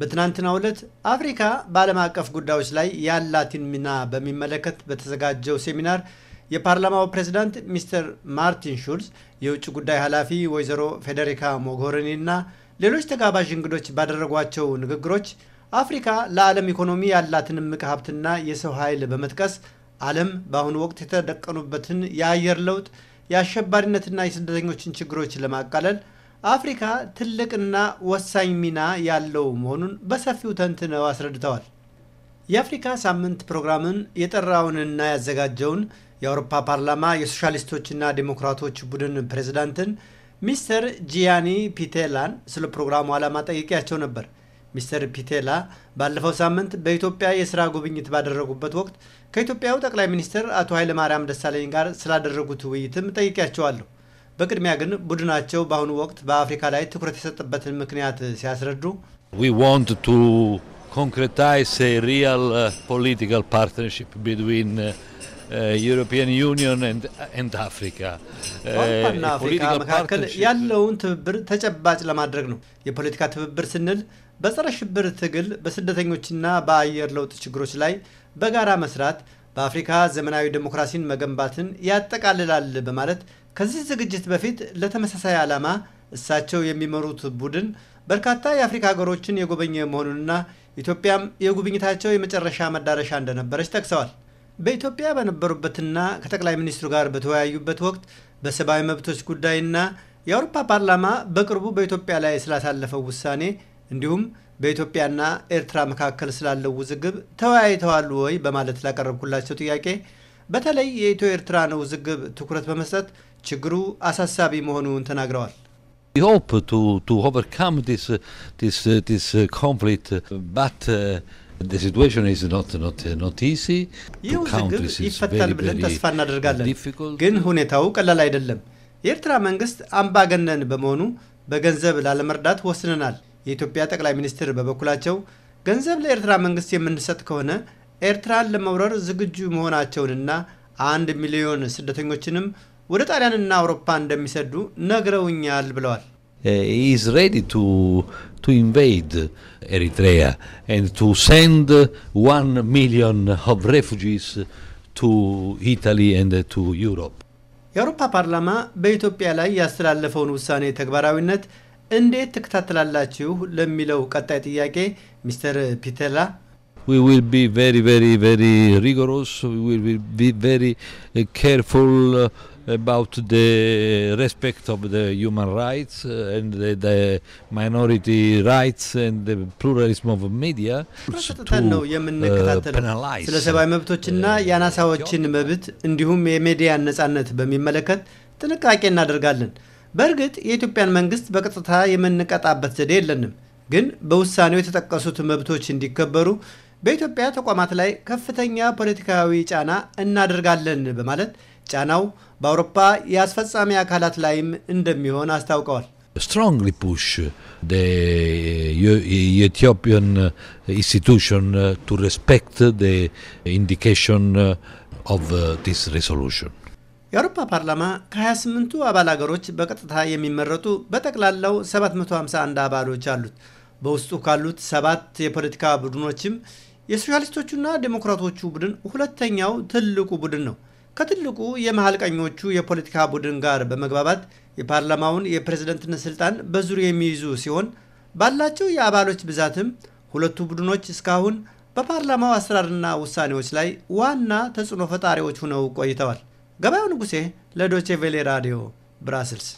በትናንትናው ዕለት አፍሪካ በዓለም አቀፍ ጉዳዮች ላይ ያላትን ሚና በሚመለከት በተዘጋጀው ሴሚናር የፓርላማው ፕሬዚዳንት ሚስተር ማርቲን ሹልስ፣ የውጭ ጉዳይ ኃላፊ ወይዘሮ ፌዴሪካ ሞጎሪኒ እና ሌሎች ተጋባዥ እንግዶች ባደረጓቸው ንግግሮች አፍሪካ ለዓለም ኢኮኖሚ ያላትን እምቅ ሀብትና የሰው ኃይል በመጥቀስ ዓለም በአሁኑ ወቅት የተደቀኑበትን የአየር ለውጥ፣ የአሸባሪነትና የስደተኞችን ችግሮች ለማቃለል አፍሪካ ትልቅና ወሳኝ ሚና ያለው መሆኑን በሰፊው ተንትነው አስረድተዋል። የአፍሪካ ሳምንት ፕሮግራምን የጠራውንና ያዘጋጀውን የአውሮፓ ፓርላማ የሶሻሊስቶችና ዴሞክራቶች ቡድን ፕሬዚዳንትን ሚስተር ጂያኒ ፒቴላን ስለ ፕሮግራሙ ዓላማ ጠይቄያቸው ነበር። ሚስተር ፒቴላ ባለፈው ሳምንት በኢትዮጵያ የስራ ጉብኝት ባደረጉበት ወቅት ከኢትዮጵያው ጠቅላይ ሚኒስትር አቶ ኃይለማርያም ደሳለኝ ጋር ስላደረጉት ውይይትም ጠይቄያቸዋለሁ። በቅድሚያ ግን ቡድናቸው በአሁኑ ወቅት በአፍሪካ ላይ ትኩረት የሰጠበትን ምክንያት ሲያስረዱ ዊ ዋንት ቱ ኮንክሬታይዝ ሪል ፖለቲካል አፍሪካ መካከል ያለውን ትብብር ተጨባጭ ለማድረግ ነው። የፖለቲካ ትብብር ስንል በጸረ ሽብር ትግል፣ በስደተኞችና በአየር ለውጥ ችግሮች ላይ በጋራ መስራት፣ በአፍሪካ ዘመናዊ ዴሞክራሲን መገንባትን ያጠቃልላል በማለት ከዚህ ዝግጅት በፊት ለተመሳሳይ ዓላማ እሳቸው የሚመሩት ቡድን በርካታ የአፍሪካ ሀገሮችን የጎበኘ መሆኑንና ኢትዮጵያም የጉብኝታቸው የመጨረሻ መዳረሻ እንደነበረች ጠቅሰዋል። በኢትዮጵያ በነበሩበትና ከጠቅላይ ሚኒስትሩ ጋር በተወያዩበት ወቅት በሰብአዊ መብቶች ጉዳይና የአውሮፓ ፓርላማ በቅርቡ በኢትዮጵያ ላይ ስላሳለፈው ውሳኔ እንዲሁም በኢትዮጵያና ኤርትራ መካከል ስላለው ውዝግብ ተወያይተዋል ወይ በማለት ላቀረብኩላቸው ጥያቄ በተለይ የኢትዮ ኤርትራን ውዝግብ ትኩረት በመስጠት ችግሩ አሳሳቢ መሆኑን ተናግረዋል። ይህ ውዝግብ ይፈታል ብለን ተስፋ እናደርጋለን፣ ግን ሁኔታው ቀላል አይደለም። የኤርትራ መንግስት አምባገነን በመሆኑ በገንዘብ ላለመርዳት ወስነናል። የኢትዮጵያ ጠቅላይ ሚኒስትር በበኩላቸው ገንዘብ ለኤርትራ መንግስት የምንሰጥ ከሆነ ኤርትራን ለመውረር ዝግጁ መሆናቸውንና አንድ ሚሊዮን ስደተኞችንም ወደ ጣሊያንና አውሮፓ እንደሚሰዱ ነግረውኛል ብለዋል። uh, is ready to to invade Eritrea and to የአውሮፓ ፓርላማ በኢትዮጵያ ላይ ያስተላለፈውን ውሳኔ ተግባራዊነት እንዴት ትከታተላላችሁ ለሚለው ቀጣይ ጥያቄ ሚስተር ፒተላ we will be very, very, very rigorous. We will be very uh, careful uh, about the respect of the human rights uh, and the, the, minority rights and the pluralism of media ነው የምንከታተለው። ስለ ሰብአዊ መብቶችና የአናሳዎችን መብት እንዲሁም የሜዲያን ነጻነት በሚመለከት ጥንቃቄ እናደርጋለን። በእርግጥ የኢትዮጵያን መንግስት በቀጥታ የምንቀጣበት ዘዴ የለንም፣ ግን በውሳኔው የተጠቀሱት መብቶች እንዲከበሩ በኢትዮጵያ ተቋማት ላይ ከፍተኛ ፖለቲካዊ ጫና እናደርጋለን በማለት ጫናው በአውሮፓ የአስፈጻሚ አካላት ላይም እንደሚሆን አስታውቀዋል። strongly push the uh, e-, Ethiopian uh, institution uh, to respect the indication of this resolution. የአውሮፓ ፓርላማ ከ28ቱ አባል ሀገሮች በቀጥታ የሚመረጡ በጠቅላላው 751 አባሎች አሉት። በውስጡ ካሉት ሰባት የፖለቲካ ቡድኖችም የሶሻሊስቶቹና ዴሞክራቶቹ ቡድን ሁለተኛው ትልቁ ቡድን ነው። ከትልቁ የመሀል ቀኞቹ የፖለቲካ ቡድን ጋር በመግባባት የፓርላማውን የፕሬዝደንትነት ስልጣን በዙር የሚይዙ ሲሆን ባላቸው የአባሎች ብዛትም ሁለቱ ቡድኖች እስካሁን በፓርላማው አሰራርና ውሳኔዎች ላይ ዋና ተጽዕኖ ፈጣሪዎች ሆነው ቆይተዋል። ገበያው ንጉሴ ለዶቼ ቬሌ ራዲዮ ብራስልስ